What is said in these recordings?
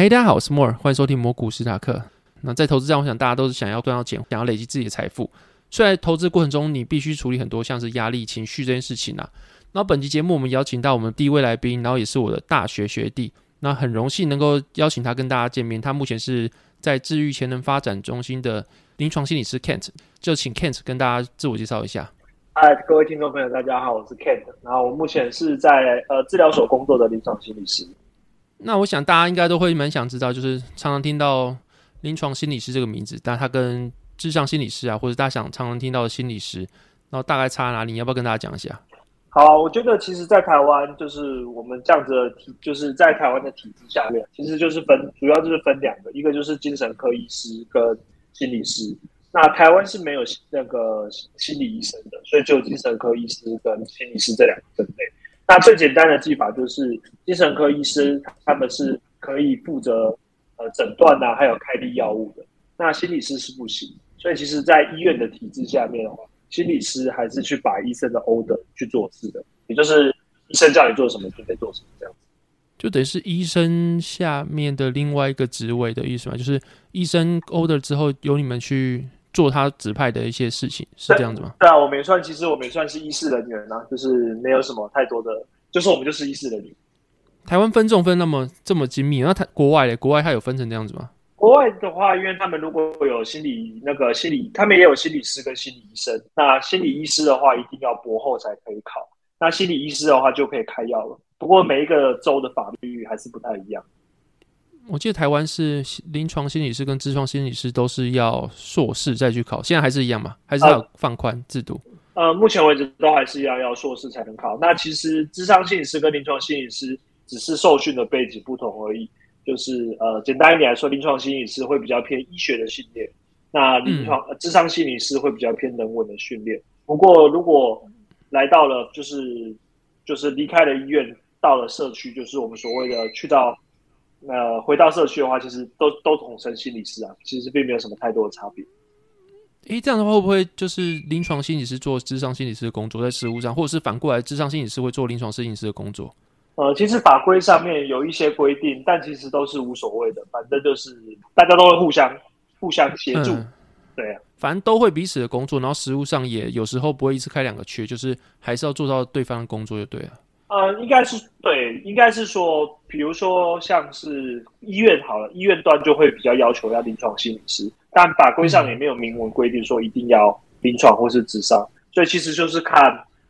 嘿，hey, 大家好，我是 Moore，歡迎收聽《MooreStock》。那在投資上，我想大家都是想要賺到錢，想要累積自己的財富。雖然投資過程中，你必須處理很多像是壓力、情緒這件事情啊。那本期節目，我們邀請到我們第一位來賓，然後也是我的大學學弟。那很榮幸能夠邀請他跟大家見面。他目前是在治癒潛能發展中心的臨床心理師 Kent。就請 Kent 跟大家自我介紹一下。嗨，各位聽眾朋友，大家好，我是 Kent，然後我目前是在呃治療所工作的臨床心理師。那我想大家應該都會蠻想知道，就是常常聽到臨床心理師這個名字，但他跟諮商心理師啊，或者大家想常常聽到的心理師，然後大概差哪裡？你要不要跟大家講一下？好啊，我覺得其實，在台灣就是我們這樣子的體，就是在台灣的體制下面，其實就是分，主要就是分兩個，一個就是精神科醫師跟心理師，那台灣是沒有那個心理醫生的，所以就精神科醫師跟心理師這兩個分類。那最簡單的技法就是，精神科醫生他們是可以負責呃診斷吶，還有開立藥物的。那心理師是不行，所以其實，在醫院的體制下面的話，心理師還是去把醫生的 order 去做事的，也就是醫生叫你做什麼，你就得做什麼，這樣子。就等於是醫生下面的另外一個職位的意思嘛，就是醫生 order 之後，由你們去。做他指派的一些事情是這樣子嗎？對啊，我沒算，其實我沒算是醫事人員呢、啊，就是沒有什麼太多的，就是我們就是醫事人員。台灣分中分那麼這麼精密，那它，國外的國外它有分成這樣子嗎？國外的話，因為他們如果有心理那個心理，他們也有心理師跟心理醫生。那心理醫師的話，一定要博後才可以考。那心理醫師的話，就可以開藥了。不過每一個州的法律還是不太一樣。嗯我記得台灣是臨床心理師跟諮商心理師都是要碩士再去考，現在還是一樣嗎？還是要放寬制度？呃，目前為止都還是要要碩士才能考。那其實諮商心理師跟臨床心理師只是受訓的背景不同而已，就是呃簡單一點來說，臨床心理師會比較偏醫學的訓練，那臨床，嗯，諮商心理師會比較偏人文的訓練。不過如果來到了就是就是離開了醫院，到了社區，就是我們所謂的去到。那、呃、回到社區的話，其實都都統稱心理師啊，其實並沒有什麼太多的差別。誒，這樣的話會不會就是臨床心理師做諮商心理師的工作，在實務上，或者是反過來，諮商心理師會做臨床心理師的工作？呃，其實法規上面有一些規定，但其實都是無所謂的，反正就是大家都會互相互相協助，嗯、對啊，反正都會彼此的工作，然後實務上也有時候不會一次開兩個缺，就是還是要做到對方的工作就對了。呃，應該是對，應該是說，比如說像是醫院好了，醫院段就會比較要求要臨床心理師，但法規上也沒有明文規定說一定要臨床或是智商，所以其實就是看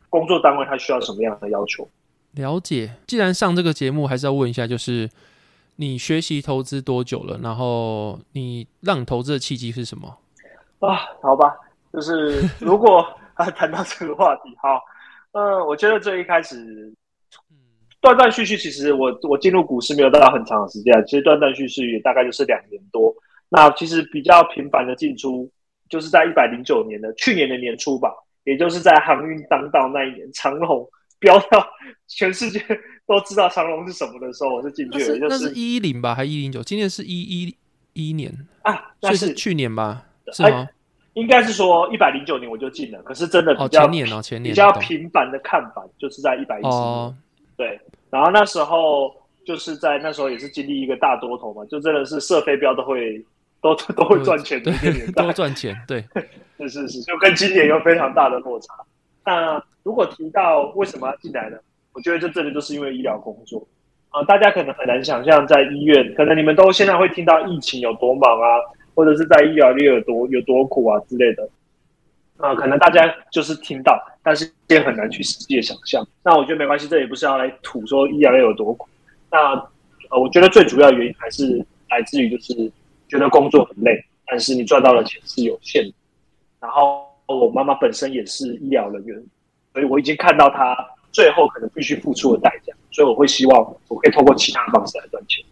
工作單位他需要什麼樣的要求。了解，既然上這個節目，還是要問一下，就是你學習投資多久了？然後你讓你投資的契機是什麼？啊，好吧，就是如果啊談到這個話題，哈， 呃，我覺得最一開始。斷斷續續，其實我我進入股市沒有到很長的時間，其實斷斷續續也大概就是兩年多。那其實比較頻繁的進出，就是在一百零九年的去年的年初吧，也就是在航運當道那一年，長隆飆到全世界都知道長隆是什麼的時候，我是進去了。是就是、那是那是一零吧，還是一零九？今年是一一一年啊，那是去年吧？對是嗎、啊？應該是說一百零九年我就進了，可是真的比較、哦、前年、哦、前年比較頻繁的看板就是在一百一十對。然後那時候就是在那時候也是經歷一個大多頭嘛，就真的是射飛鏢都會都都會賺錢的年代，今年多賺錢對， 是是是，就跟今年有非常大的落差。那如果提到為什麼要進來呢？我覺得就真的就是因為醫療工作啊，大家可能很難想象在醫院，可能你們都現在會聽到疫情有多忙啊，或者是在醫療裡有多有多苦啊之類的。啊、呃，可能大家就是聽到，但是也很難去實際的想像。那我覺得沒關係，這也不是要來吐說醫療要有多苦。那呃，我覺得最主要原因還是來自於就是覺得工作很累，但是你賺到的錢是有限的。然後我媽媽本身也是醫療人員，所以我已經看到她最後可能必須付出的代價。所以我會希望我可以透過其他的方式來賺錢。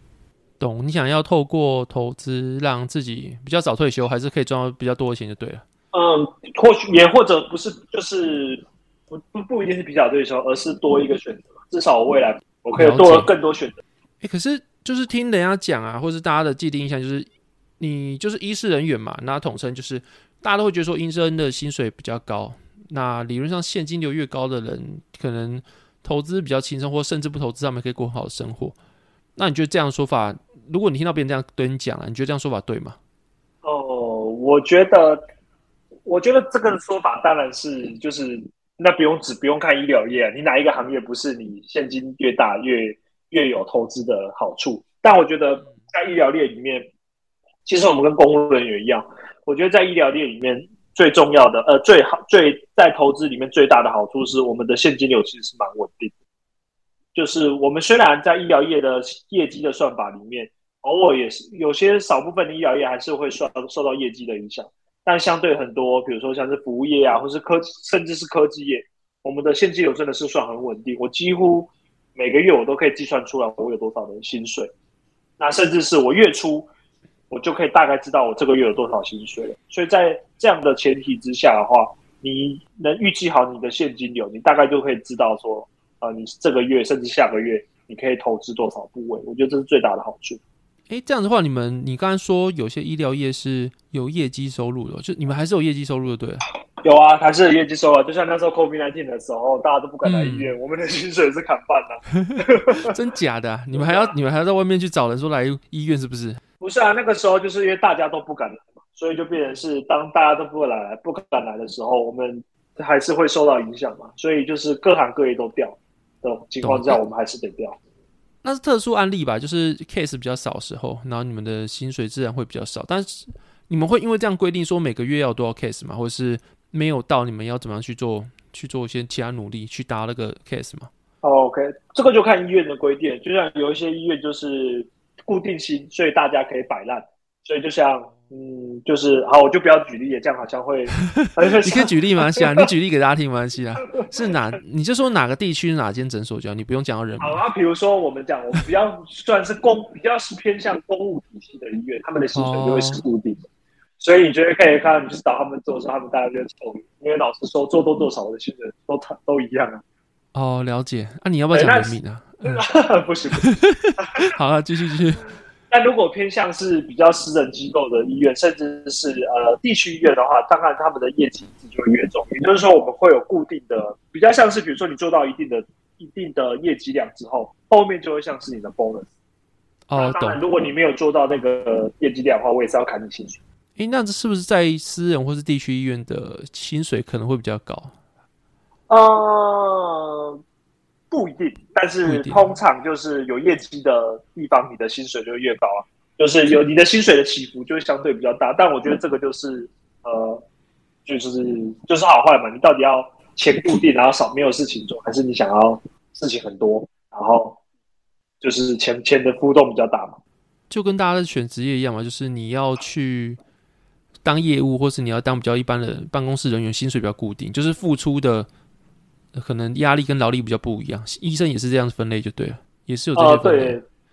懂，你想要透過投資讓自己比較早退休，還是可以賺到比較多的錢就對了？嗯，或許也或者，不是，就是不不不一定是比較對沖，而是多一個選擇。嗯、至少我未來我可以多更多選擇。哎、欸，可是就是聽人家講啊，或者是大家的既定印象就是，你就是醫事人員嘛，那統稱就是大家都會覺得說，醫生恩的薪水比較高。那理論上現金流越高的人，可能投資比較輕鬆，或甚至不投資他們可以過很好的生活。那你覺得這樣說法，如果你聽到別人這樣對你講了、啊，你覺得這樣說法對嗎？哦，我覺得。我覺得這個說法當然是，就是那不用只不用看醫療業啊，你哪一個行業不是你現金越大越越有投資的好處？但我覺得在醫療業裡面，其實我們跟公務人員一樣，我覺得在醫療業裡面最重要的，呃，最好，最，在投資裡面最大的好處是，我們的現金流其實是蠻穩定的。就是我們雖然在醫療業的業績的算法裡面，偶爾也是有些少部分的醫療業還是會受受到業績的影響。但相對很多，比如說像是服務業啊，或是科甚至是科技業，我們的現金流真的是算很穩定。我幾乎每個月我都可以計算出來我有多少的薪水，那甚至是我月初我就可以大概知道我這個月有多少薪水了。所以在這樣的前提之下的話，你能預計好你的現金流，你大概就可以知道說，啊、呃，你這個月甚至下個月你可以投資多少部位。我覺得這是最大的好處。哎，這樣的話，你們你剛剛說有些醫療業是有業績收入的，就你們還是有業績收入的，對？有啊，還是業績收入。就像那時候 COVID 19的時候，大家都不敢來醫院，嗯、我們的薪水是砍半的、啊。 真假的、啊？你們還要、啊、你們還要到外面去找人說來醫院，是不是？不是啊，那個時候就是因為大家都不敢來嘛，所以就變成是當大家都不敢來、不敢來的時候，我們還是會受到影響嘛。所以就是各行各業都掉的情況之下，我們還是得掉。那是特殊案例吧，就是 case 比較少時候，然後你們的薪水自然會比較少。但是你們會因為這樣規定，說每個月要多少 case 嘛，或者是沒有到，你們要怎麼樣去做，去做一些其他努力去達那個 case 嘛？OK，這個就看醫院的規定。就像有一些醫院就是固定薪，所以大家可以擺爛。所以就像，嗯，就是好，我就不要舉例也這樣好像會。 你可以舉例嗎？啊， 你舉例給大家聽，沒關係啊。是哪？你就說哪個地區哪間診所就好，你不用講到人。好啊，比如說我們講，我們比較算是公， 比較是偏向公務體系的醫院，他們的薪水就會是固定的。哦、所以你覺得可以看你就是找他們做的時候，他們大概就聰明，因為老師說做多做少的薪水都、嗯、都一樣啊。哦，了解。那、啊、你要不要講人民呢、啊？不是、欸，嗯、 不行。 好了、啊，繼續，繼續。那如果偏向是比較私人機構的醫院，甚至是呃地區醫院的話，當然他們的業績就會越重。也就是說，我們會有固定的，比較像是比如說你做到一定的、一定的業績量之後，後面就會像是你的 bonus。哦，當然，如果你沒有做到那個業績量的話，我也是要砍你薪水。誒，那這是不是在私人或是地區醫院的薪水可能會比較高？哦、呃不一定，但是通常就是有業績的地方，你的薪水就會越高啊。就是有你的薪水的起伏就會相對比較大。但我覺得這個就是呃，就是就是好壞嘛。你到底要錢固定，然後少沒有事情做，還是你想要事情很多，然後就是錢錢的波動比較大嘛？就跟大家的選職業一樣嘛，就是你要去當業務，或是你要當比較一般的辦公室人員，薪水比較固定，就是付出的。可能壓力跟勞力比較不一樣，醫生也是這樣子分類就對了，也是有這些分類。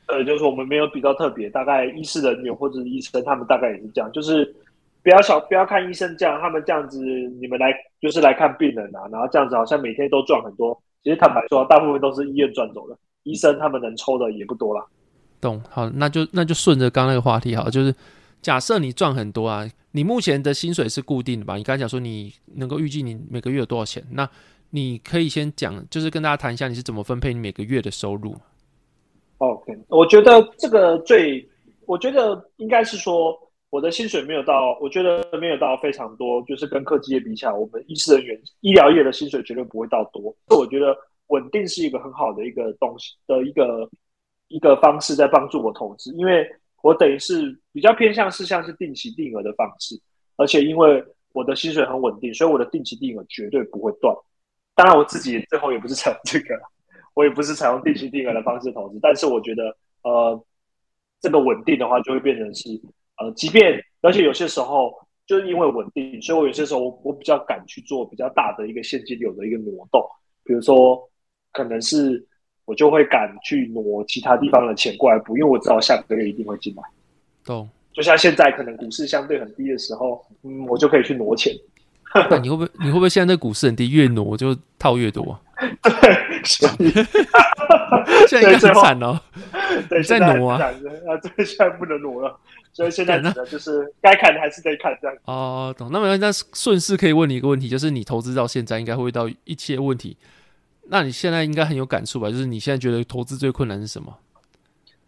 呃，對對，就是我們沒有比較特別，大概醫師人員或者醫生，他們大概也是這樣，就是不要小不要看醫生這樣，他們這樣子，你們來就是來看病人啊，然後這樣子好像每天都賺很多。其實坦白說啊，大部分都是醫院賺走的，醫生他們能抽的也不多啦。懂，好，那就那就順着剛剛那個話題哈，就是假設你賺很多啊，你目前的薪水是固定的吧？你剛才講說你能夠預計你每個月有多少錢，那。你可以先講，就是跟大家談一下你是怎麼分配你每個月的收入？OK，我覺得這個最，我覺得應該是說我的薪水沒有到，我覺得沒有到非常多，就是跟科技業比起來，我們醫師人員醫療業的薪水絕對不會到多。那我覺得穩定是一個很好的一個東西的一個一個方式，在幫助我投資，因為我等於是比較偏向是像是定期定額的方式，而且因為我的薪水很穩定，所以我的定期定額絕對不會斷。當然，我自己最後也不是採用這個，我也不是採用定期定額的方式投資。但是，我覺得，呃，這個穩定的話，就會變成是，呃，即便而且有些時候，就是因為穩定，所以我有些時候我我比較敢去做比較大的一個現金流的一個挪動。比如說，可能是我就會敢去挪其他地方的錢過來補，因為我知道下個月一定會進來。懂。就像現在可能股市相對很低的時候，嗯，我就可以去挪錢。那、 啊、你會不會？你會不會現在那股市很低，越挪就套越多。哦對？對，現在應該很慘哦。在挪啊，那現、啊、現在不能挪了，所以現在只能就是該砍的還是得砍這樣。哦、呃，懂。那麼那順勢可以問你一個問題，就是你投資到現在，應該會遇到一切問題。那你現在應該很有感觸吧？就是你現在覺得投資最困難是什麼？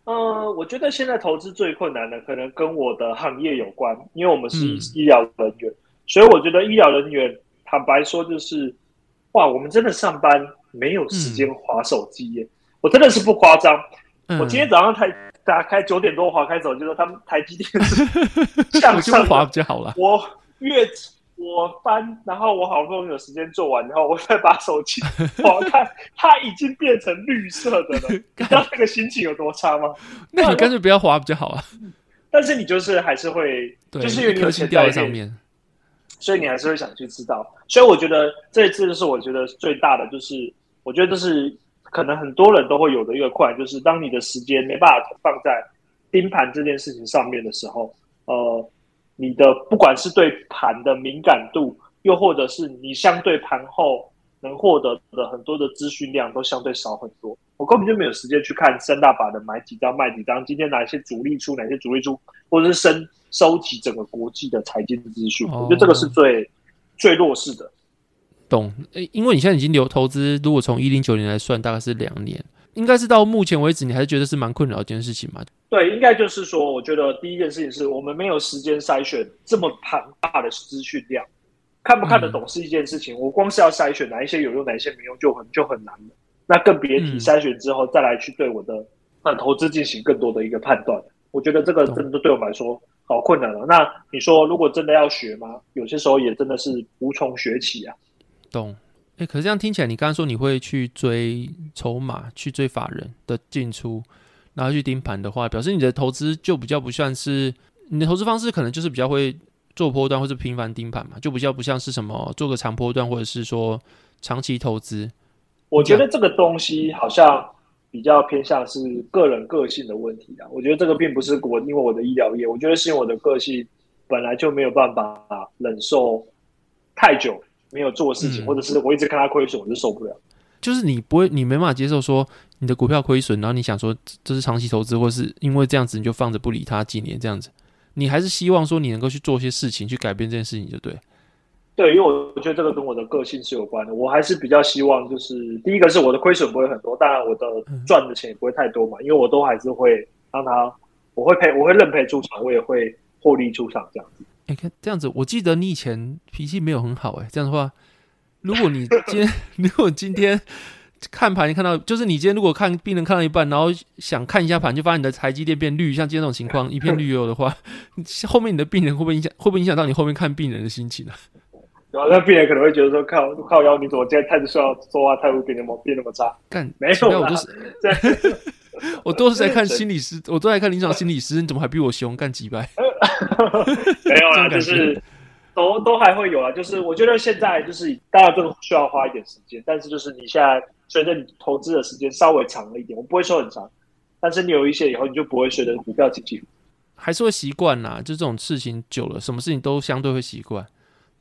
呃，我覺得現在投資最困難的，可能跟我的行業有關，因為我們是醫療人員。嗯所以我覺得醫療人員坦白說就是，哇，我們真的上班沒有時間滑手機耶！嗯、我真的是不誇張，嗯、我今天早上台打開九點多滑開的時候，就是他們台積電是向上 我就不滑不就好了。我越我翻，然後我好不容易有時間做完，然後我再把手機滑， 滑開，它已經變成綠色的了。知道 那個心情有多差嗎？ 那你乾脆不要滑不就好了、啊。但是你就是還是會，對就是因為你錢掉在上面。所以你還是會想去知道，所以我覺得這一次就是我覺得最大的，就是我覺得就是可能很多人都會有的一個快，就是當你的時間沒辦法放在盯盤這件事情上面的時候，呃，你的不管是對盤的敏感度，又或者是你相對盤後能獲得的很多的資訊量，都相對少很多。根本就沒有時間去看三大法的買幾張、賣幾張，今天哪些主力出、哪些主力出，或者是深收集整個國際的財經資訊。哦、我覺得這個是最最弱勢的。懂、欸、因為你現在已經留投資，如果從一零九年來算，大概是兩年，應該是到目前為止，你還是覺得是蠻困擾一件事情嘛？對，應該就是說，我覺得第一件事情是我們沒有時間篩選這麼龐大的資訊量，看不看得懂是一件事情。嗯、我光是要篩選哪一些有用、哪一些沒用，就很就很難了。那更別提篩選之後再來去對我的那投資進行更多的一個判斷，嗯、我覺得這個真的對我們來說好困難了、哦。懂那你說，如果真的要學嗎？有些時候也真的是無從學起啊。懂。誒、欸，可是這樣聽起來，你剛剛說你會去追籌碼，去追法人的進出，然後去盯盤的話，表示你的投資就比較不算是你的投資方式，可能就是比較會做波段或者頻繁盯盤嘛，就比較不像是什麼做個長波段，或者是說長期投資。我覺得這個東西好像比較偏向是個人個性的問題啊。我覺得這個並不是我，因為我的醫療業，我覺得是因為我的個性本來就沒有辦法忍受太久沒有做事情，或者是我一直看他虧損我就受不了。嗯、就是你不會，你沒辦法接受說你的股票虧損，然後你想說這是長期投資，或是因為這樣子你就放着不理他幾年這樣子，你還是希望說你能夠去做些事情去改變這件事情就對。對，因為我覺得這個跟我的個性是有關的。我還是比較希望，就是第一個是我的虧損不會很多，當然我的賺的錢也不會太多嘛。因為我都還是會讓他，我會賠，我會認賠出場，我也會獲利出場這樣子。你看這樣子，我記得你以前脾氣沒有很好誒、欸、這樣的話，如果你今天， 如果今天看盤看到，就是你今天如果看病人看到一半，然後想看一下盤，就發現你的台積電變綠，像今天這種情況一片綠油的話， 後面你的病人會不會影響，會不會影響到你後面看病人的心情、啊、呢？啊、那病人可能會覺得說靠，靠靠腰，你怎麼今天態度需要說話態度變那麼變那麼差？幹幹沒有，我都是在，我都是在看心理師， 我都在看臨床心理師，你怎麼還比我兇？幹幾百 ？ 沒有啊，就是 都都還會有啊。就是我覺得現在就是大家更需要花一點時間，但是就是你現在隨着你投資的時間稍微長了一點，我不會說很長，但是你有一些以後你就不會隨着不要緊，還是會習慣啦，就這種事情久了，什麼事情都相對會習慣。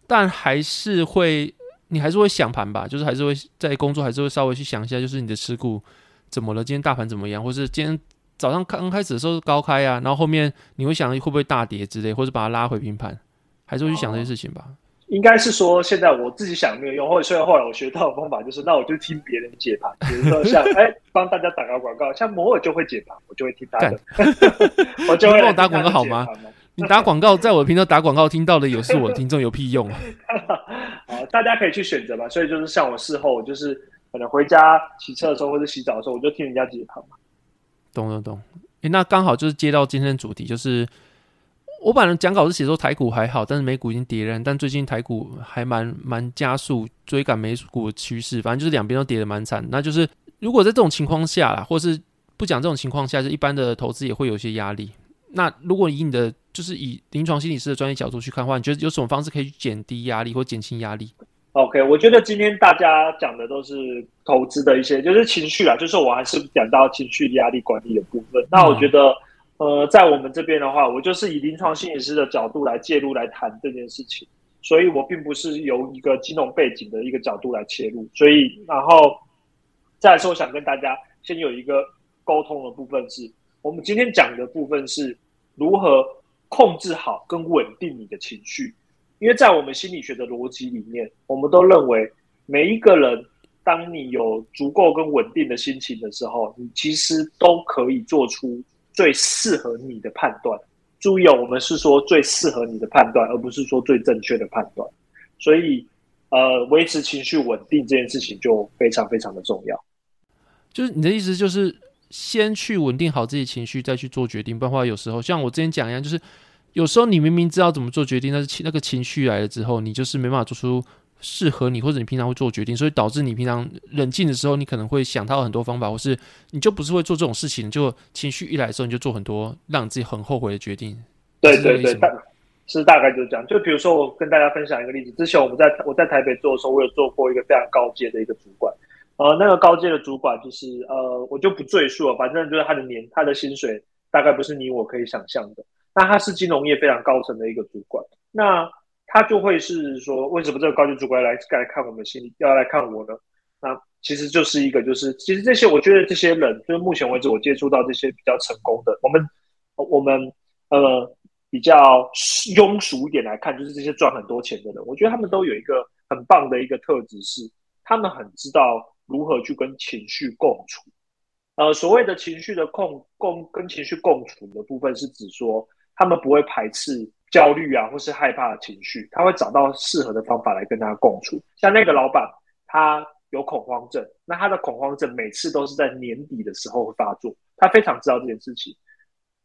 但還是會，你還是會想盤吧，就是還是會，在工作還是會稍微去想一下，就是你的持股怎麼了，今天大盤怎麼樣，或是今天早上剛開始的時候高開啊，然後後面你會想會不會大跌之類，或是把它拉回平盤，還是會去想這些事情吧。哦、應該是說，現在我自己想沒有用，或者所以後來我學到的方法就是，那我就聽別人解盤，比如說像，哎、 欸，幫大家打個廣告，像摩爾就會解盤，我就會聽大家的，幹 我就會幫我打廣告好嗎？ 你打廣告，在我平常打廣告聽到的也是我聽眾，有屁用啊？ 大家可以去選擇吧。所以就是像我事後，我就是可能回家洗車的時候，或者洗澡的時候，我就聽人家接盤嘛。懂懂懂。欸，那剛好就是接到今天的主題，就是我本來講稿是寫說台股還好，但是美股已經跌了，但最近台股還蠻蠻加速追趕美股的趨勢，反正就是兩邊都跌得蠻慘的蠻慘。那就是如果在這種情況下啦，或是不講這種情況下，就一般的投資也會有些壓力。那如果以你的就是以臨床心理師的專業角度去看的話，你覺得有什麼方式可以去減低壓力或減輕壓力？OK，我覺得今天大家講的都是投資的一些，就是情緒啊，就是我還是講到情緒壓力管理的部分。那我覺得，嗯、呃，在我們這邊的話，我就是以臨床心理師的角度來介入來談這件事情，所以我並不是由一個金融背景的一個角度來切入。所以，然後，再說我想跟大家先有一個溝通的部分是。我們今天講的部分是如何控制好跟穩定你的情緒，因為在我們心理學的邏輯裡面，我們都認為每一個人，當你有足夠跟穩定的心情的時候，你其實都可以做出最適合你的判斷。注意哦，我們是說最適合你的判斷，而不是說最正確的判斷。所以，呃，維持情緒穩定這件事情就非常非常的重要。就是你的意思，就是。先去穩定好自己情緒，再去做決定。不然的話，有時候像我之前講一樣，就是有時候你明明知道怎麼做決定，但是那個情緒來了之後，你就是沒辦法做出適合你或者你平常會做決定，所以導致你平常冷靜的時候，你可能會想到很多方法，或是你就不是會做這種事情。就情緒一來的時候，你就做很多讓自己很後悔的決定。對對對，是大是大概就是這樣。就比如說，我跟大家分享一個例子：之前我們在我在台北做的時候，我有做過一個非常高階的一個主管。呃，那個高階的主管就是，呃，我就不贅述了，反正就是他的年，他的薪水大概不是你我可以想象的。那他是金融業非常高層的一個主管，那他就會是說，為什麼這個高階主管來來看我們心里要來看我呢？那、啊、其實就是一個，就是其實這些，我覺得這些人，就是目前為止我接觸到這些比較成功的，我們，我們，呃，比較庸俗一點來看，就是這些賺很多錢的人，我覺得他們都有一個很棒的一個特質是，是他們很知道。如何去跟情緒共處？呃，所謂的情緒的控共共跟情緒共處的部分，是指說他們不會排斥焦慮啊或是害怕的情緒，他會找到適合的方法來跟他共處。像那個老闆，他有恐慌症，那他的恐慌症每次都是在年底的時候會發作。他非常知道這件事情。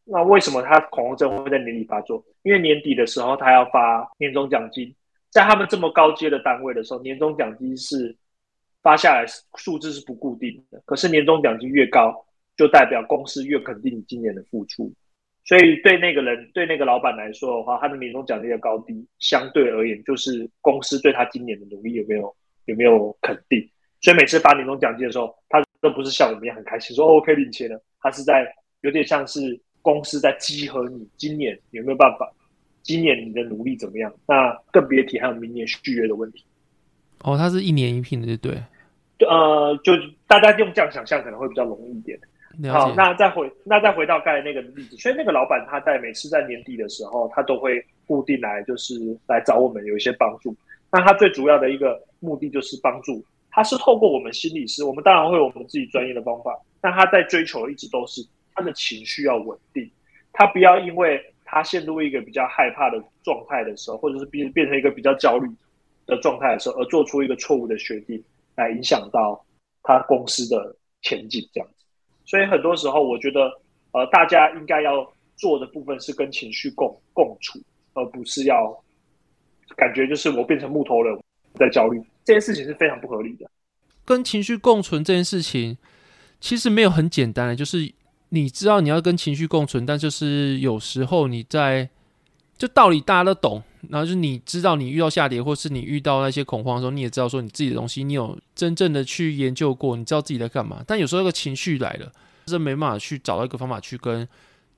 那為什麼他恐慌症會在年底發作？因為年底的時候他要發年終獎金，在他們這麼高階的單位的時候，年終獎金是。發下來，數字是不固定的，可是年終獎金越高，就代表公司越肯定你今年的付出。所以對那個人，對那個老闆來說的話，他的年終獎金的高低，相對而言就是公司對他今年的努力有沒有有沒有肯定。所以每次發年終獎金的時候，他都不是像我們一樣很開心說、哦、“OK 領錢了”，他是在有點像是公司在稽核你今年你有沒有辦法，今年你的努力怎麼樣？那更別提還有明年續約的問題。哦，他是一年一聘的，對。呃，就大家用這樣想象可能會比較容易一點。好，了解 那再回那再回到剛才那個例子，所以那個老板他在每次在年底的時候，他都會固定來就是來找我們有一些幫助。那他最主要的一個目的就是幫助，他是透過我們心理師，我們當然會有我們自己專業的方法。但他在追求的一直都是他的情緒要穩定，他不要因為他陷入一個比較害怕的狀態的時候，或者是變變成一個比較焦慮。的狀態的時候，而做出一個錯誤的決定，來影響到他公司的前景，這樣子。所以很多時候，我覺得，呃，大家應該要做的部分是跟情緒共共處，而不是要感覺就是我變成木頭人，我在焦慮。這件事情是非常不合理的。跟情緒共存這件事情，其實沒有很簡單的，就是你知道你要跟情緒共存，但就是有時候你在，就道理大家都懂。然後就是你知道，你遇到下跌，或是你遇到那些恐慌的時候，你也知道說你自己的東西，你有真正的去研究過，你知道自己在幹嘛。但有時候那個情緒來了，是沒辦法去找到一個方法去跟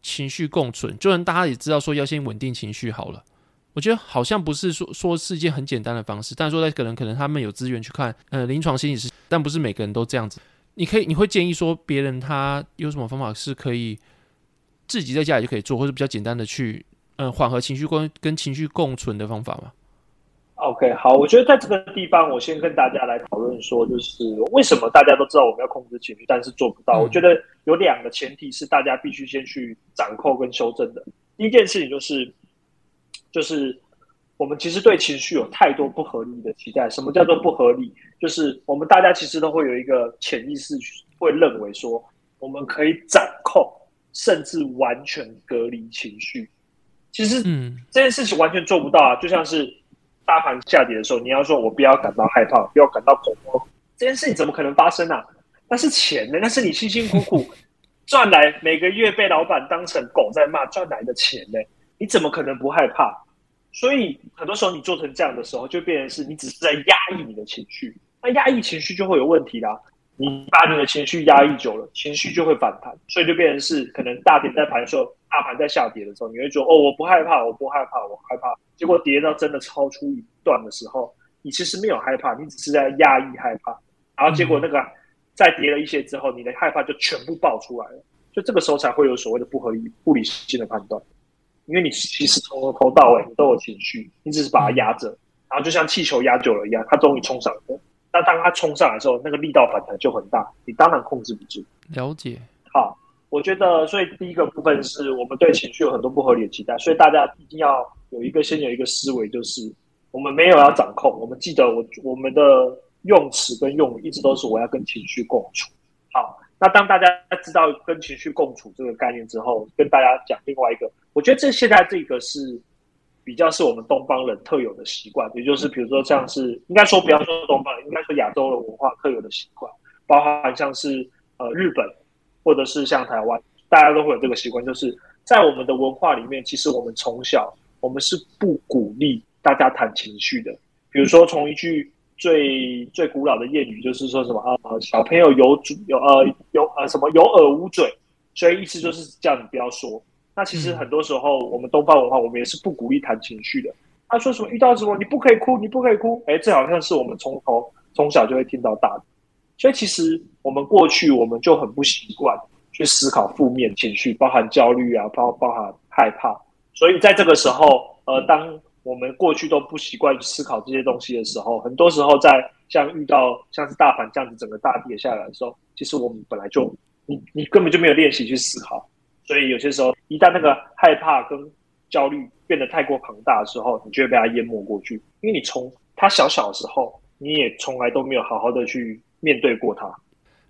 情緒共存。就算大家也知道說要先穩定情緒好了，我覺得好像不是說說是一件很簡單的方式，但是說那個人可能他們有資源去看，呃，臨床心理師，但不是每個人都這樣子。你可以，你會建議說別人他有什麼方法是可以自己在家裡就可以做，或者比較簡單的去。嗯，緩和情緒關跟情緒共存的方法嗎？OK，好，我覺得在這個地方，我先跟大家來討論說，就是為什麼大家都知道我們要控制情緒，但是做不到。嗯、我覺得有兩個前提是大家必須先去掌控跟修正的。第一件事情就是，就是我們其實對情緒有太多不合理的期待。什麼叫做不合理？嗯、就是我們大家其實都會有一個潛意識會認為說，我們可以掌控，甚至完全隔離情緒。其實，嗯，這件事情完全做不到啊！就像是大盤下跌的時候，你要說“我不要感到害怕，不要感到恐慌”，這件事情怎麼可能發生啊？那是錢呢，那是你辛辛苦苦賺來，每個月被老板當成狗在罵賺來的錢呢？你怎麼可能不害怕？所以很多時候你做成這樣的時候，就變成是你只是在壓抑你的情緒。那壓抑情緒就會有問題啦。你把你的情緒壓抑久了，情緒就會反彈，所以就變成是可能大盤在跌的時候。大盤在下跌的時候，你會覺得：“哦，我不害怕，我不害怕，我害怕。”結果跌到真的超出一段的時候，你其實沒有害怕，你只是在壓抑害怕。然後結果那個再跌了一些之後，你的害怕就全部爆出來了。就這個時候才會有所謂的不合理、不理性的判斷，因為你其實從頭到尾你都有情緒，你只是把它壓着，然後就像氣球壓久了一樣，它終於衝上來了。但當它衝上來的時候，那個力道反彈就很大，你當然控制不住。了解，好。我覺得，所以第一個部分是我們對情緒有很多不合理的期待，所以大家一定要有一個先有一個思維，就是我們沒有要掌控。我們記得我我們的用詞跟用語一直都是我要跟情緒共處。好，那當大家知道跟情緒共處這個概念之後，跟大家講另外一個，我覺得這現在這個是比較是我們東方人特有的習慣，也就是比如說像是應該說不要說東方人，應該說亞洲的文化特有的習慣，包含像是呃日本。或者是像台灣，大家都會有這個習慣，就是在我們的文化裡面，其實我們從小我們是不鼓勵大家談情緒的。比如說，從一句最最古老的諺語，就是說什麼啊、呃，小朋友有主、呃，有呃有呃什麼有耳無嘴，所以意思就是叫你不要說。那其實很多時候，我們東方文化，我們也是不鼓勵談情緒的。他、啊、說什麼遇到什麼你不可以哭，你不可以哭，哎、欸，這好像是我們從頭從小就會聽到大的。所以其實我們過去我們就很不習慣去思考負面情緒，包含焦慮啊，包包含害怕。所以在這個時候，呃，當我們過去都不習慣去思考這些東西的時候，很多時候在像遇到像是大盤這樣子整個大跌下來的時候，其實我們本來就你你根本就沒有練習去思考。所以有些時候，一旦那個害怕跟焦慮變得太過龐大的時候，你就會被它淹沒過去。因為你從他小小的時候，你也從來都沒有好好的去。面對過他，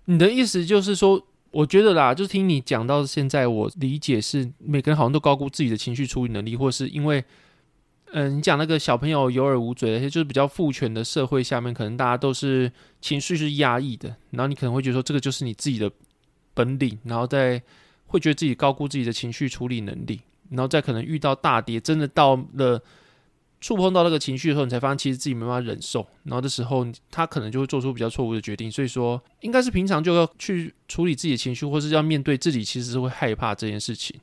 你的意思就是說，我覺得啦，就聽你講到現在，我理解是每個人好像都高估自己的情緒處理能力，或是因為，嗯、呃，你講那個小朋友有耳無嘴，而且就是比較父權的社會下面，可能大家都是情緒是壓抑的，然後你可能會覺得說這個就是你自己的本領，然後再會覺得自己高估自己的情緒處理能力，然後再可能遇到大跌，真的到了。觸碰到那個情緒的時候，你才發現其實自己沒辦法忍受，然後的時候，他可能就會做出比較錯誤的決定。所以說，應該是平常就要去處理自己的情緒，或是要面對自己，其實是會害怕這件事情。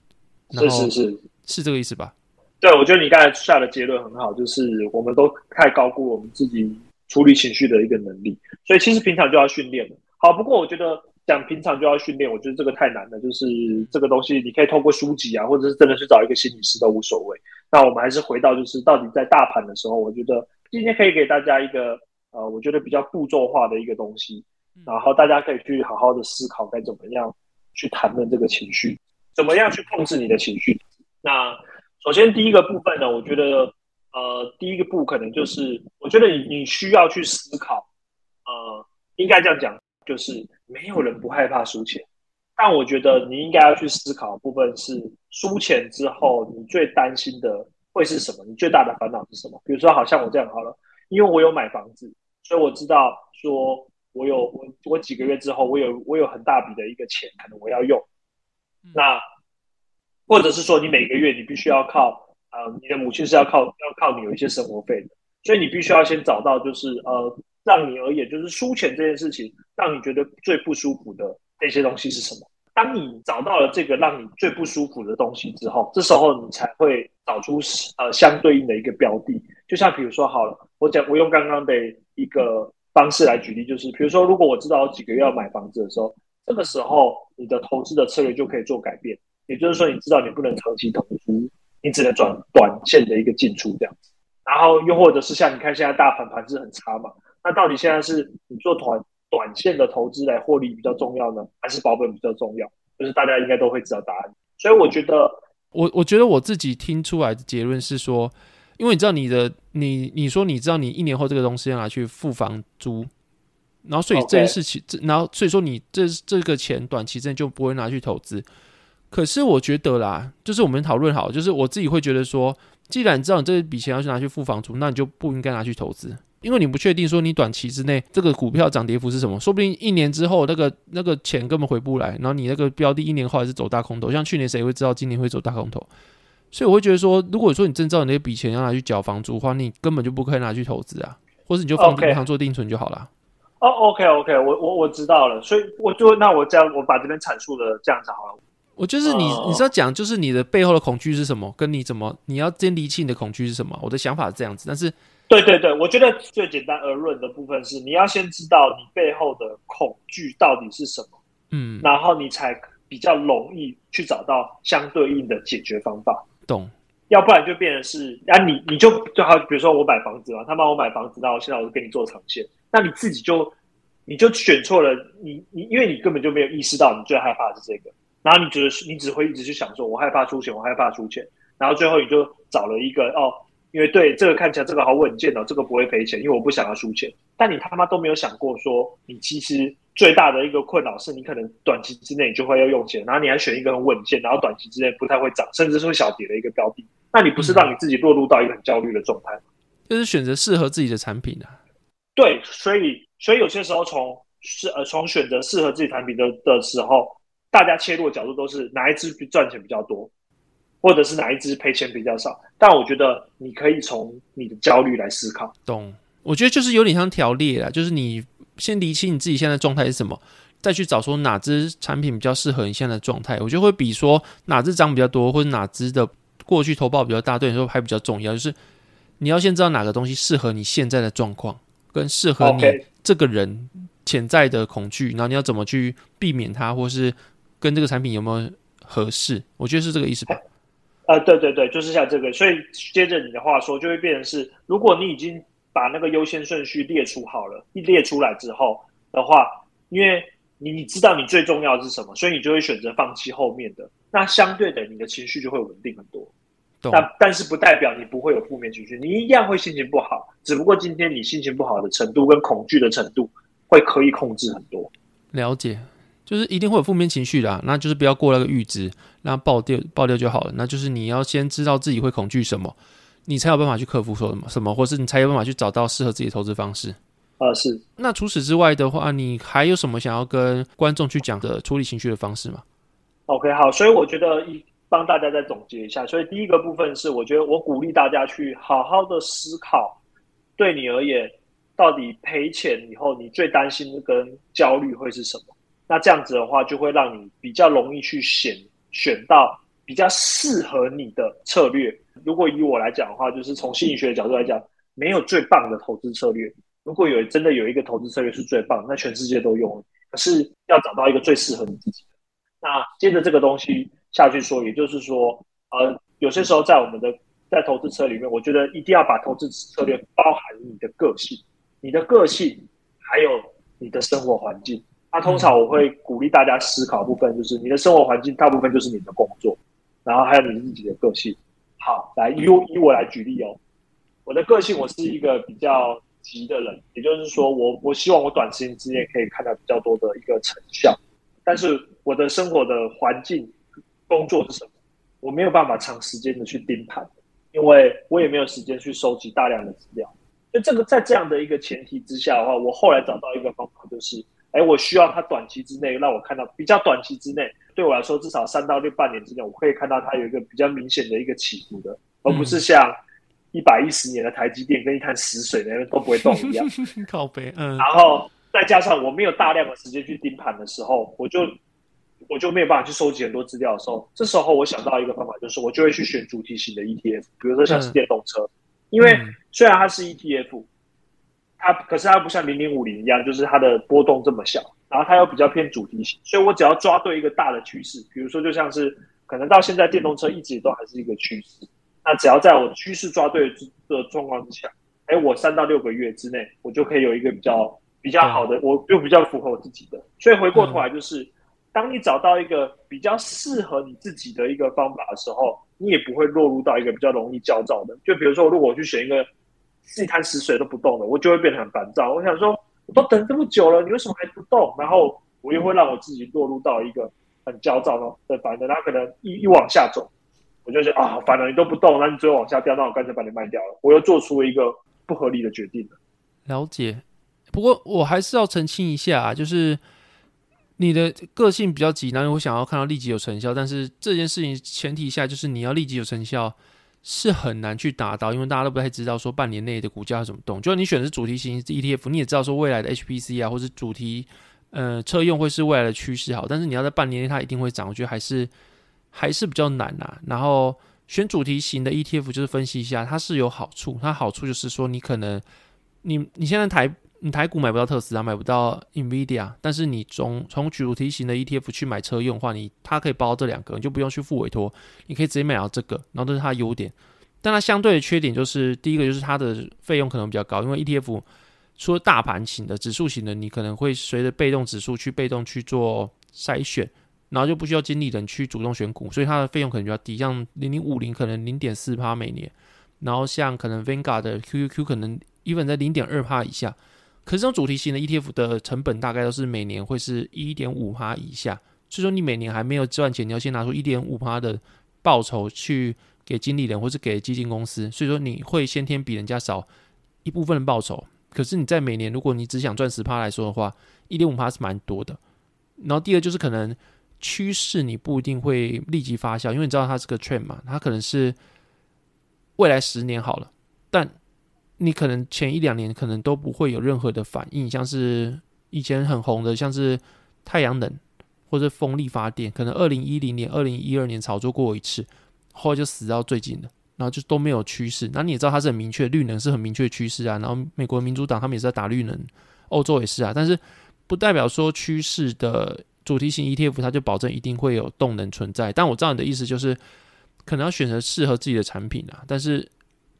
是是是，是這個意思吧？是是是對，我覺得你剛才下的結論很好，就是我們都太高估我們自己處理情緒的一個能力，所以其實平常就要訓練了。好，不過我覺得。像平常就要訓練，我覺得這個太難了。就是這個東西，你可以透過書籍啊，或者是真的去找一個心理師都無所謂。那我們還是回到，就是到底在大盤的時候，我覺得今天可以給大家一個呃，我覺得比較步驟化的一個東西，然後大家可以去好好的思考該怎麼樣去談論這個情緒，怎麼樣去控制你的情緒。那首先第一個部分呢，我覺得呃，第一個部可能就是，我覺得你你需要去思考，呃，應該這樣講，就是。沒有人不害怕輸錢，但我覺得你應該要去思考的部分是輸錢之後，你最擔心的會是什麼？你最大的煩惱是什麼？比如說，好像我這樣好了，因為我有買房子，所以我知道說我，我有我我幾個月之後，我有我有很大筆的一個錢，可能我要用。那或者是說，你每個月你必須要靠啊、呃，你的母親是要靠要靠你有一些生活費的，所以你必須要先找到就是呃，讓你而言就是輸錢這件事情。讓你覺得最不舒服的那些東西是什麼？當你找到了這個讓你最不舒服的東西之後，這時候你才會找出呃相對應的一個標的。就像比如說，好了，我講我用剛剛的一個方式來舉例，就是比如說，如果我知道我幾個月要買房子的時候，這、那個時候你的投資的策略就可以做改變。也就是說，你知道你不能長期投資，你只能轉短線的一個進出這樣子。然後又或者是像你看，現在大盤盤子很差嘛，那到底現在是你做團？短線的投資來獲利比較重要呢，還是保本比較重要？就是大家應該都會知道答案。所以我覺得，我我覺得我自己聽出來的結論是說，因為你知道你的，你你說你知道你一年後這個東西要拿去付房租，然後所以 Okay. 這件事情，然後所以說你這這個錢短期之內就不會拿去投資。可是我覺得啦，就是我們討論好，就是我自己會覺得說，既然你知道你這筆錢要去拿去付房租，那你就不應該拿去投資。因為你不確定說你短期之內這個股票漲跌幅是什麼，說不定一年之後那個那個錢根本回不來，然後你那個標的一年後還是走大空頭，像去年誰會知道今年會走大空頭？所以我會覺得說，如果說你真照你那筆錢要拿去繳房租的話，你根本就不可以拿去投資啊，或者你就放銀行做定存就好了、oh, okay, okay.。哦，OK，OK，我我我知道了，所以我就那我這樣我把這邊闡述的這樣子好了。我就是你，uh、你是要講就是你的背後的恐懼是什麼，跟你怎麼你要建立起你的恐懼是什麼。我的想法是這樣子，但是。對對對，我覺得最簡單而論的部分是，你要先知道你背後的恐懼到底是什麼，嗯，然後你才比較容易去找到相對應的解決方法。懂，要不然就變成是，啊你，你你就就好像，比如說我買房子嘛，他幫我買房子，然後現在我就給你做長線，那你自己就你就選錯了，你你因為你根本就沒有意識到你最害怕的是這個，然後你覺得你只會一直去想說，我害怕出錢，我害怕出錢，然後最後你就找了一個哦。因為對，這個看起來這個好穩健哦，這個不會賠錢，因為我不想要輸錢。但你他媽都沒有想過說，說你其實最大的一個困擾是你可能短期之內你就會要用錢，然後你還選一個很穩健，然後短期之內不太會漲，甚至是會小跌的一個標的，那你不是讓你自己落入到一個很焦慮的狀態嗎？嗯？就是選擇適合自己的產品啊。對，所以所以有些時候從是呃從選擇適合自己產品的的時候，大家切入的角度都是哪一支賺錢比較多。或者是哪一支賠錢比較少，但我覺得你可以從你的焦慮來思考。懂？我覺得就是有點像條列了，就是你先理清你自己現在狀態是什麼，再去找說哪只產品比較適合你現在的狀態。我覺得會比說哪只漲比較多，或者哪只的過去投報比較大，對你說還比較重要。就是你要先知道哪個東西適合你現在的狀況，跟適合你這個人潛在的恐懼，Okay. 然後你要怎麼去避免它，或是跟這個產品有沒有合適？我覺得是這個意思吧。 呃，對對對，就是像這個，所以接着你的話說，就會變成是，如果你已經把那個優先順序列出好了，一列出來之後的話，因為你你知道你最重要的是什麼，所以你就會選擇放棄後面的。那相對的，你的情緒就會穩定很多。但懂但是不代表你不會有負面情緒，你一樣會心情不好，只不過今天你心情不好的程度跟恐懼的程度會可以控制很多。了解。就是一定會有負面情緒的啊，那就是不要過那個閾值，那爆掉爆掉就好了。那就是你要先知道自己會恐懼什麼，你才有辦法去克服什麼什麼，或是你才有辦法去找到適合自己的投資方式啊。呃，是。那除此之外的話，你還有什麼想要跟觀眾去講的處理情緒的方式嗎？OK，好。所以我覺得一幫大家再總結一下，所以第一個部分是，我覺得我鼓勵大家去好好的思考，對你而言，到底賠錢以後你最擔心跟焦慮會是什麼？那這樣子的話，就會讓你比較容易去選選到比較適合你的策略。如果以我來講的話，就是從心理學的角度來講，沒有最棒的投資策略。如果有真的有一個投資策略是最棒，那全世界都用了。可是要找到一個最適合你自己的。那接着這個東西下去說，也就是說，呃，有些時候在我們的在投資策略裡面，我覺得一定要把投資策略包含你的個性、你的個性，還有你的生活環境。那、啊、通常我會鼓勵大家思考部分，就是你的生活環境大部分就是你的工作，然後還有你自己的個性。好，來，以我以我來舉例哦，我的個性，我是一個比較急的人，也就是說我、我我希望我短時間之內可以看到比較多的一個成效。但是我的生活的環境、工作是什麼？我沒有辦法長時間的去盯盤，因為我也沒有時間去收集大量的資料。就這個在這樣的一個前提之下的話，我後來找到一個方法就是。哎，我需要它短期之內讓我看到比較短期之內對我來說至少三到六半年之內，我可以看到它有一個比較明顯的一個起伏的，嗯、而不是像一百一十年的台積電跟一潭死水的都不會動一樣。靠北、嗯、然後、嗯、再加上我沒有大量的時間去盯盤的時候，我就我就沒有辦法去收集很多資料的時候，這時候我想到一個方法，就是我就會去選主題型的 ETF，比如說像是電動車，嗯嗯、因為雖然它是 ETF。它、啊、可是它不像零零五零一樣，就是它的波動這麼小，然後它又比較偏主題型，所以我只要抓對一個大的趨勢，比如說就像是可能到現在電動車一直都還是一個趨勢，那只要在我趨勢抓對的狀況之下，哎，我三到六個月之內，我就可以有一個比較比較好的，我又比較符合我自己的。所以回過頭來就是，當你找到一個比較適合你自己的一個方法的時候，你也不會落入到一個比較容易焦躁的。就比如說，如果我去選一個。是一潭死水都不動了，我就會變得很煩躁。我想說，我都等這麼久了，你為什麼還不動？然後我又會讓我自己落入到一個很焦躁的、很煩的。然後可能一一往下走，我就想啊，煩了，你都不動，那你只有往下掉，那我乾脆把你賣掉了。我又做出一個不合理的決定了。了解，不過我還是要澄清一下啊，就是你的個性比較急，然後我想要看到立即有成效。但是這件事情前提下，就是你要立即有成效。是很難去達到，因為大家都不太知道說半年內的股價要怎麼動。就是你選的是主題型 ETF，你也知道說未來的 HPC 啊，或是主題呃車用會是未來的趨勢好，但是你要在半年內它一定會漲，我覺得還是還是比較難吶啊。然後選主題型的 ETF，就是分析一下它是有好處，它好處就是說你可能你你現在台。你台股買不到特斯拉，買不到 Nvidia，但是你從從主題型的 ETF 去買車用的話，你它可以包這兩個，你就不用去付委託，你可以直接買到這個，然後這是它的優點。但它相對的缺點就是，第一個就是它的費用可能比較高，因為 ETF 除了大盤型的、指數型的，你可能會隨着被動指數去被動去做篩選，然後就不需要經理人去主動選股，所以它的費用可能比較低，像零零五零可能零點四趴每年，然後像可能 Vanguard 的 QQQ 可能 even 在零點二趴以下。可是這種主題型的 ETF 的成本大概都是每年會是一點五趴以下，所以說你每年還沒有賺錢，你要先拿出一點五趴的報酬去給經理人或是給基金公司，所以說你會先天比人家少一部分的報酬。可是你在每年如果你只想賺十趴來說的話，一點五趴是蠻多的。然後第二就是可能趨勢你不一定會立即發酵，因為你知道它是個 trend 嘛，它可能是未來十年好了。你可能前一兩年可能都不會有任何的反應，像是以前很紅的，像是太陽能或者風力發電，可能二零一零年、二零一二年炒作過一次，後來就死到最近了，然後就都沒有趨勢。那你也知道它是很明確，綠能是很明確趨勢啊。然後美國民主黨他們也是在打綠能，歐洲也是啊，但是不代表說趨勢的主題型 ETF 它就保證一定會有動能存在。但我知道你的意思就是，可能要選擇適合自己的產品啊，但是。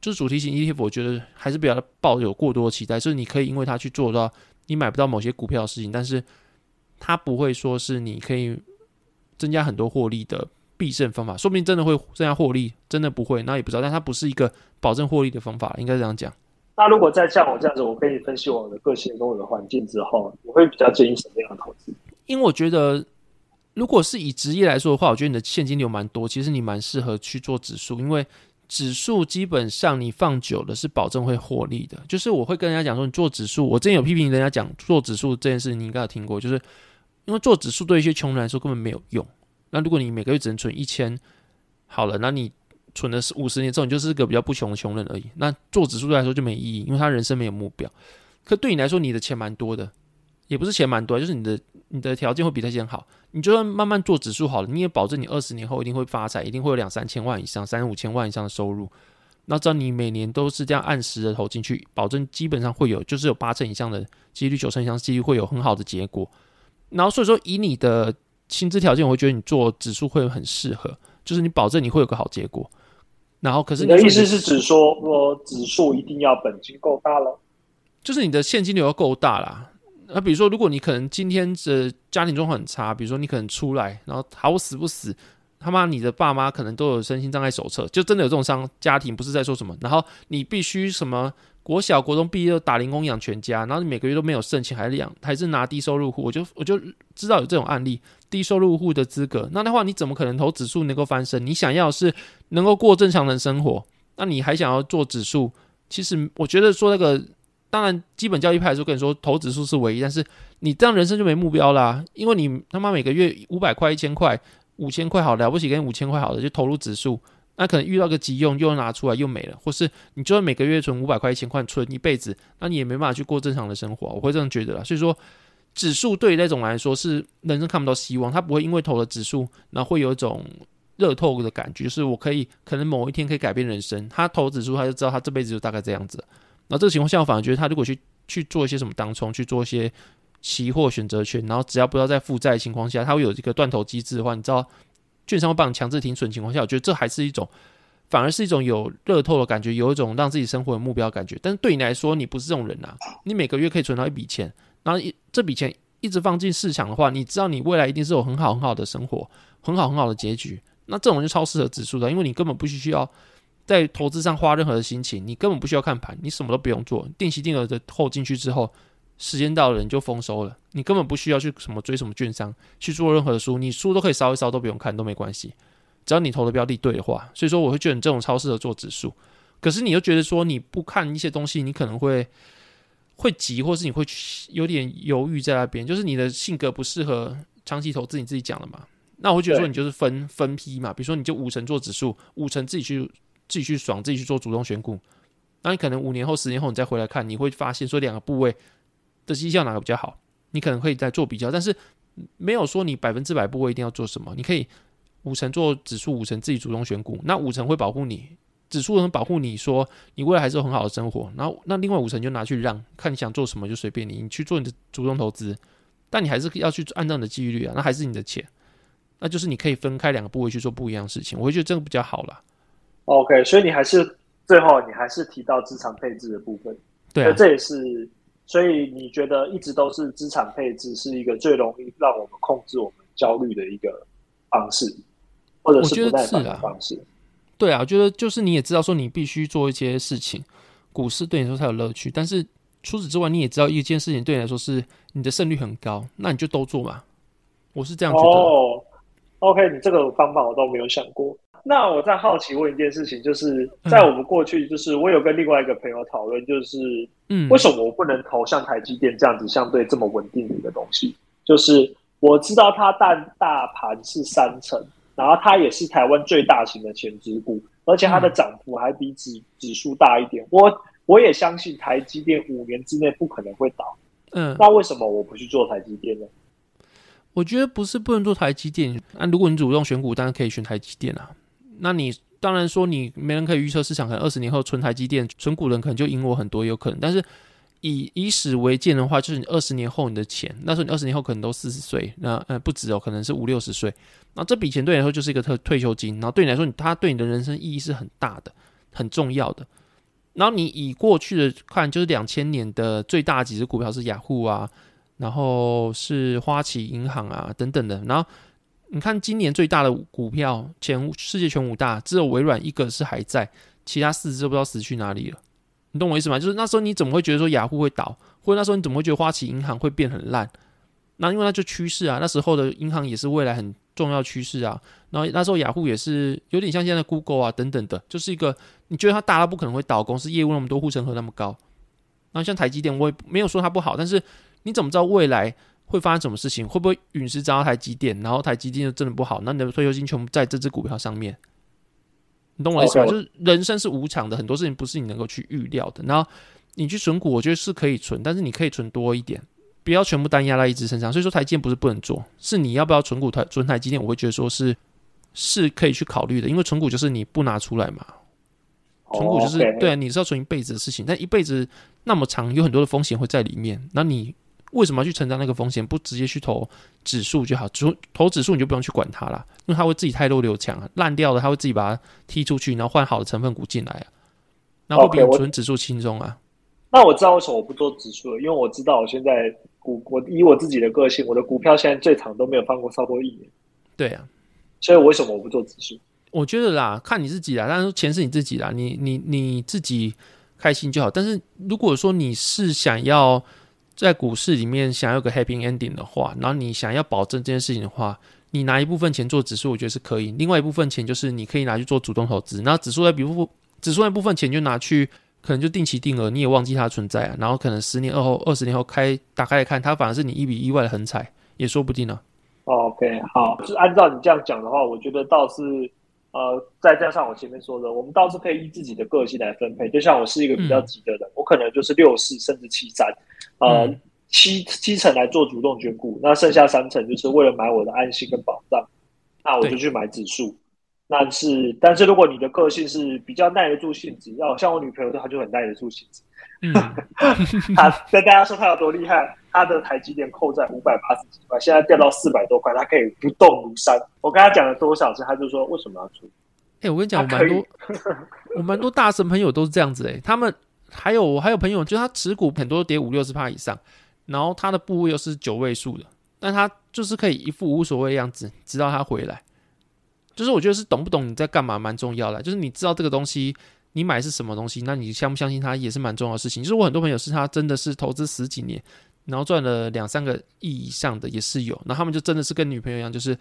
就是主題型 ETF，我覺得還是比較抱有過多期待。就是你可以因為它去做到你買不到某些股票的事情，但是它不會說是你可以增加很多獲利的必勝方法。說不定真的會增加獲利，真的不會，那也不知道。但它不是一個保證獲利的方法，應該這樣講。那如果再像我這樣子，我跟你分析我的個性跟我的環境之後，你會比較建議什麼樣的投資？因為我覺得，如果是以職業來說的話，我覺得你的現金流蠻多，其實你蠻適合去做指數，因為。指數基本上你放久了是保證會獲利的，就是我會跟人家講說，你做指數。我之前有批評人家講做指數這件事，你應該有聽過，就是因為做指數對一些窮人來說根本沒有用。那如果你每個月只能存一千，好了，那你存了是五十年之後，你就是一個比較不窮的窮人而已。那做指數對來說就沒意義，因為他人生沒有目標，可對你來說，你的錢蠻多的。也不是錢蠻多，就是你的你的條件會比那些人好。你就算慢慢做指數好了，你也保證你二十年後一定會發財，一定會有兩三千萬以上、三五千萬以上的收入。那只要你每年都是這樣按時的投進去，保證基本上會有，就是有八成以上的幾率、九成以上的幾率會有很好的結果。然後所以說，以你的薪資條件，我會覺得你做指數會很適合，就是你保證你會有個好結果。然後，可是你,你,你的意思是指說，我、呃、指數一定要本金夠大了，就是你的現金流要夠大啦。那比如說，如果你可能今天的家庭狀況很差，比如說你可能出來，然後好死不死，他媽你的爸媽可能都有身心障礙手冊，就真的有這種傷。家庭不是在說什麼，然後你必須什麼國小國中畢業打零工養全家，然後你每個月都沒有剩錢，還是養還是拿低收入戶，我就我就知道有這種案例，低收入戶的資格，那的話你怎麼可能投指數能夠翻身？你想要是能夠過正常人生活，那你還想要做指數？其實我覺得說那個。當然，基本交易派的時候跟你說，投指數是唯一，但是你這樣人生就沒目標啦、啊，因為你他媽每個月五百塊、一千塊、五千塊好了不起，跟五千塊好的就投入指數，那可能遇到個急用又拿出來又沒了，或是你就算每個月存五百塊、一千塊存一輩子，那你也沒辦法去過正常的生活，我會這樣覺得啦。所以說，指數對於那種來說是人生看不到希望，他不會因為投了指數，然後會有一種熱透的感覺，就是我可以可能某一天可以改變人生，他投指數他就知道他這輩子就大概這樣子了。那這個情況下，我反而覺得他如果去去做一些什麼當沖，去做一些期貨選擇權，然後只要不要在負債的情況下，他會有一個斷頭機制的話，你知道券商會幫你強制停損情況下，我覺得這還是一種，反而是一種有樂透的感覺，有一種讓自己生活的目標的感覺。但是對你來說，你不是這種人啊，你每個月可以存到一筆錢，然後一這筆錢一直放進市場的話，你知道你未來一定是有很好很好的生活，很好很好的結局。那這種就超適合指數的，因為你根本不需要。在投資上花任何的心情，你根本不需要看盤，你什麼都不用做，定期定額的投進去之後，時間到了你就豐收了。你根本不需要去什麼追什麼券商，去做任何的書，你書都可以燒一燒，都不用看，都沒關係。只要你投的標的對的話，所以說我會覺得你這種超適合做指數。可是你又覺得說你不看一些東西，你可能會會急，或是你會有點猶豫在那邊，就是你的性格不適合長期投資。你自己講了嘛，那我會覺得說你就是分分批嘛，比如說你就五成做指數，五成自己去，自己去爽，自己去做主動選股。那你可能五年後、十年後你再回來看，你會發現說兩個部位的績效哪個比較好，你可能可以再做比較。但是沒有說你百分之百部位一定要做什麼，你可以五成做指數，五成自己主動選股。那五成會保護你，指數能保護你說你未來還是有很好的生活。然後那另外五成就拿去讓，看你想做什麼就隨便你，你去做你的主動投資。但你還是要去按照你的紀律啊，那還是你的錢。那就是你可以分開兩個部位去做不一樣的事情，我會覺得這個比較好啦。OK，所以你還是最後，你還是提到資產配置的部分。對啊，這也是，所以你覺得一直都是資產配置是一個最容易讓我們控制我們焦慮的一個方式，或者是不的方式啊。對啊，我覺得就是你也知道，說你必須做一些事情，股市對你說才有樂趣。但是除此之外，你也知道一件事情對你來說是你的勝率很高，那你就都做嘛。我是這樣覺得。Oh, OK，你這個方法我都沒有想過。那我再好奇問一件事情，就是在我們過去，就是我有跟另外一個朋友討論，就是嗯，為什麼我不能投像台積電這樣子相對這麼穩定的一個東西？就是我知道它佔大盤是三成，然後它也是台灣最大型的權值股，而且它的漲幅還比指指數大一點。我我也相信台積電五年之內不可能會倒。嗯，那為什麼我不去做台積電呢？嗯，嗯，我覺得不是不能做台積電，啊，如果你主動選股，當然可以選台積電啊。那你當然說你沒人可以預測市場，可能二十年後存台積電、存股人可能就贏我很多，有可能。但是以以史為鑑的話，就是你二十年後你的錢，那時候你二十年後可能都四十歲，那呃不止哦，可能是五六十歲。那這筆錢對你來說就是一個特退休金，然後對你來說你，它對你的人生意義是很大的、很重要的。然後你以過去的看，就是兩千年的最大的幾隻股票是雅虎、ah、啊，然後是花旗銀行啊等等的，然後。你看，今年最大的股票前世界前五大，只有微軟一個是還在，其他四隻都不知道死去哪裡了。你懂我意思嗎？就是那時候你怎麼會覺得說雅虎、ah、會倒，或者那時候你怎麼會覺得花旗銀行會變很爛？那因為那就趨勢啊，那時候的銀行也是未來很重要趨勢啊。然後那時候雅虎、ah、也是有點像現在 Google 啊等等的，就是一個你覺得它大，它不可能會倒，公司業務那麼多，護城河那麼高。那像台積電，我也沒有說它不好，但是你怎麼知道未來？會發生什麼事情？會不會隕石砸到台積電，然後台積電就真的不好？那你的退休金全部在這隻股票上面，你懂我意思嗎？Okay. 就是人生是無常的，很多事情不是你能夠去預料的。然後你去存股，我覺得是可以存，但是你可以存多一點，不要全部單壓在一隻身上。所以說台積電不是不能做，是你要不要存股台存台積電，我會覺得說是是可以去考慮的，因為存股就是你不拿出來嘛，oh, okay. 存股就是對啊，你是要存一輩子的事情，但一輩子那麼長，有很多的風險會在裡面。那你。為什麼要去承擔那個風險？不直接去投指數就好，投指數你就不用去管它啦，因為它會自己汰弱留強啊，爛掉的它會自己把它踢出去，然後換好的成分股進來，然後比啊。那、okay, 我比存指數輕鬆啊。那我知道為什麼我不做指數了，因為我知道我現在股我，我以我自己的個性，我的股票現在最長都沒有放過超過一年。對啊，所以為什麼我不做指數？我覺得啦，看你自己啦，但是錢是你自己的，你你你自己開心就好。但是如果說你是想要，在股市裡面想要個 happy ending 的話，然後你想要保證這件事情的話，你拿一部分錢做指數，我覺得是可以；另外一部分錢就是你可以拿去做主動投資。然後指數那筆指數那部分錢就拿去，可能就定期定額，你也忘記它存在啊。然後可能十年，二後，二十年後開打開來看，它反而是你一筆意外的橫財，也說不定呢。OK，好，是按照你這樣講的話，我覺得倒是。呃，再加上我前面說的，我們倒是可以依自己的個性來分配。就像我是一個比較急的人，嗯、我可能就是六四甚至七三，呃，嗯、七七成來做主動捐股，那剩下三成就是為了買我的安心跟保障，那我就去買指數。對那是，但是如果你的個性是比較耐得住性子，要像我女朋友，她就很耐得住性子。好、嗯，跟、 啊、大家說她有多厲害。他的台積電扣在五百八十幾塊，現在掉到四百多塊，他可以不動如山。我跟他講了多少次，他就說，為什麼要出？哎、欸，我跟你講，我蠻多， 我蠻多大神朋友都是這樣子、欸。哎，他們還有還有朋友，就他持股很多跌 5,，跌五六十趴以上，然後他的部位又是九位數的，但他就是可以一副無所謂的樣子，直到他回來。就是我覺得是懂不懂你在幹嘛蠻重要的，就是你知道這個東西你買是什麼東西，那你相不相信他也是蠻重要的事情。就是我很多朋友是他真的是投資十幾年。然後賺了兩三個億以上的也是有，那他們就真的是跟女朋友一樣，就是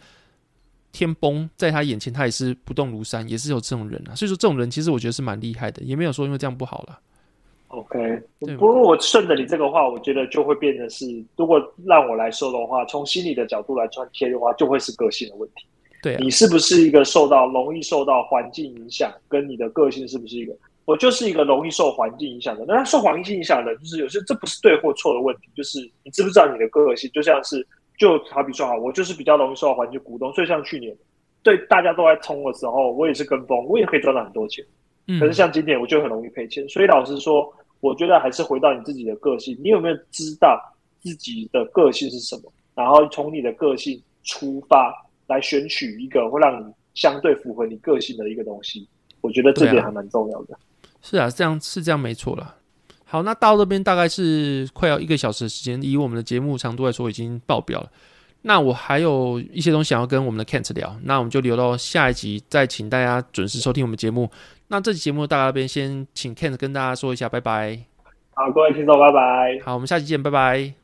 天崩在他眼前，他也是不動如山，也是有這種人啊。所以說這種人其實我覺得是蠻厲害的，也沒有說因為這樣不好了。OK，嗎不過我順着你這個話，我覺得就會變成是，如果讓我來說的話，從心理的角度來拆解的話，就會是個性的問題。對啊，你是不是一個受到容易受到環境影響，跟你的個性是不是一個？我就是一個容易受環境影響的，那受環境影響的，就是有些這不是對或錯的問題，就是你知不知道你的個性，就像是，就好比說哈，我就是比較容易受到環境鼓動，所以像去年，對大家都在衝的時候，我也是跟風，我也可以賺到很多錢，可是像今年我就很容易賠錢，所以老實說，我覺得還是回到你自己的個性，你有沒有知道自己的個性是什麼，然後從你的個性出發來選取一個會讓你相對符合你個性的一個東西，我覺得這點還蠻重要的。是啊，是這樣是這樣沒錯了。好，那到這邊大概是快要一個小時的時間，以我們的節目長度來說，已經爆表了。那我還有一些東西想要跟我們的 Kent 聊，那我們就留到下一集，再請大家準時收聽我們節目。那這期節目大概這邊先，請 Kent 跟大家說一下，拜拜。好，各位聽眾，拜拜。好，我們下期見，拜拜。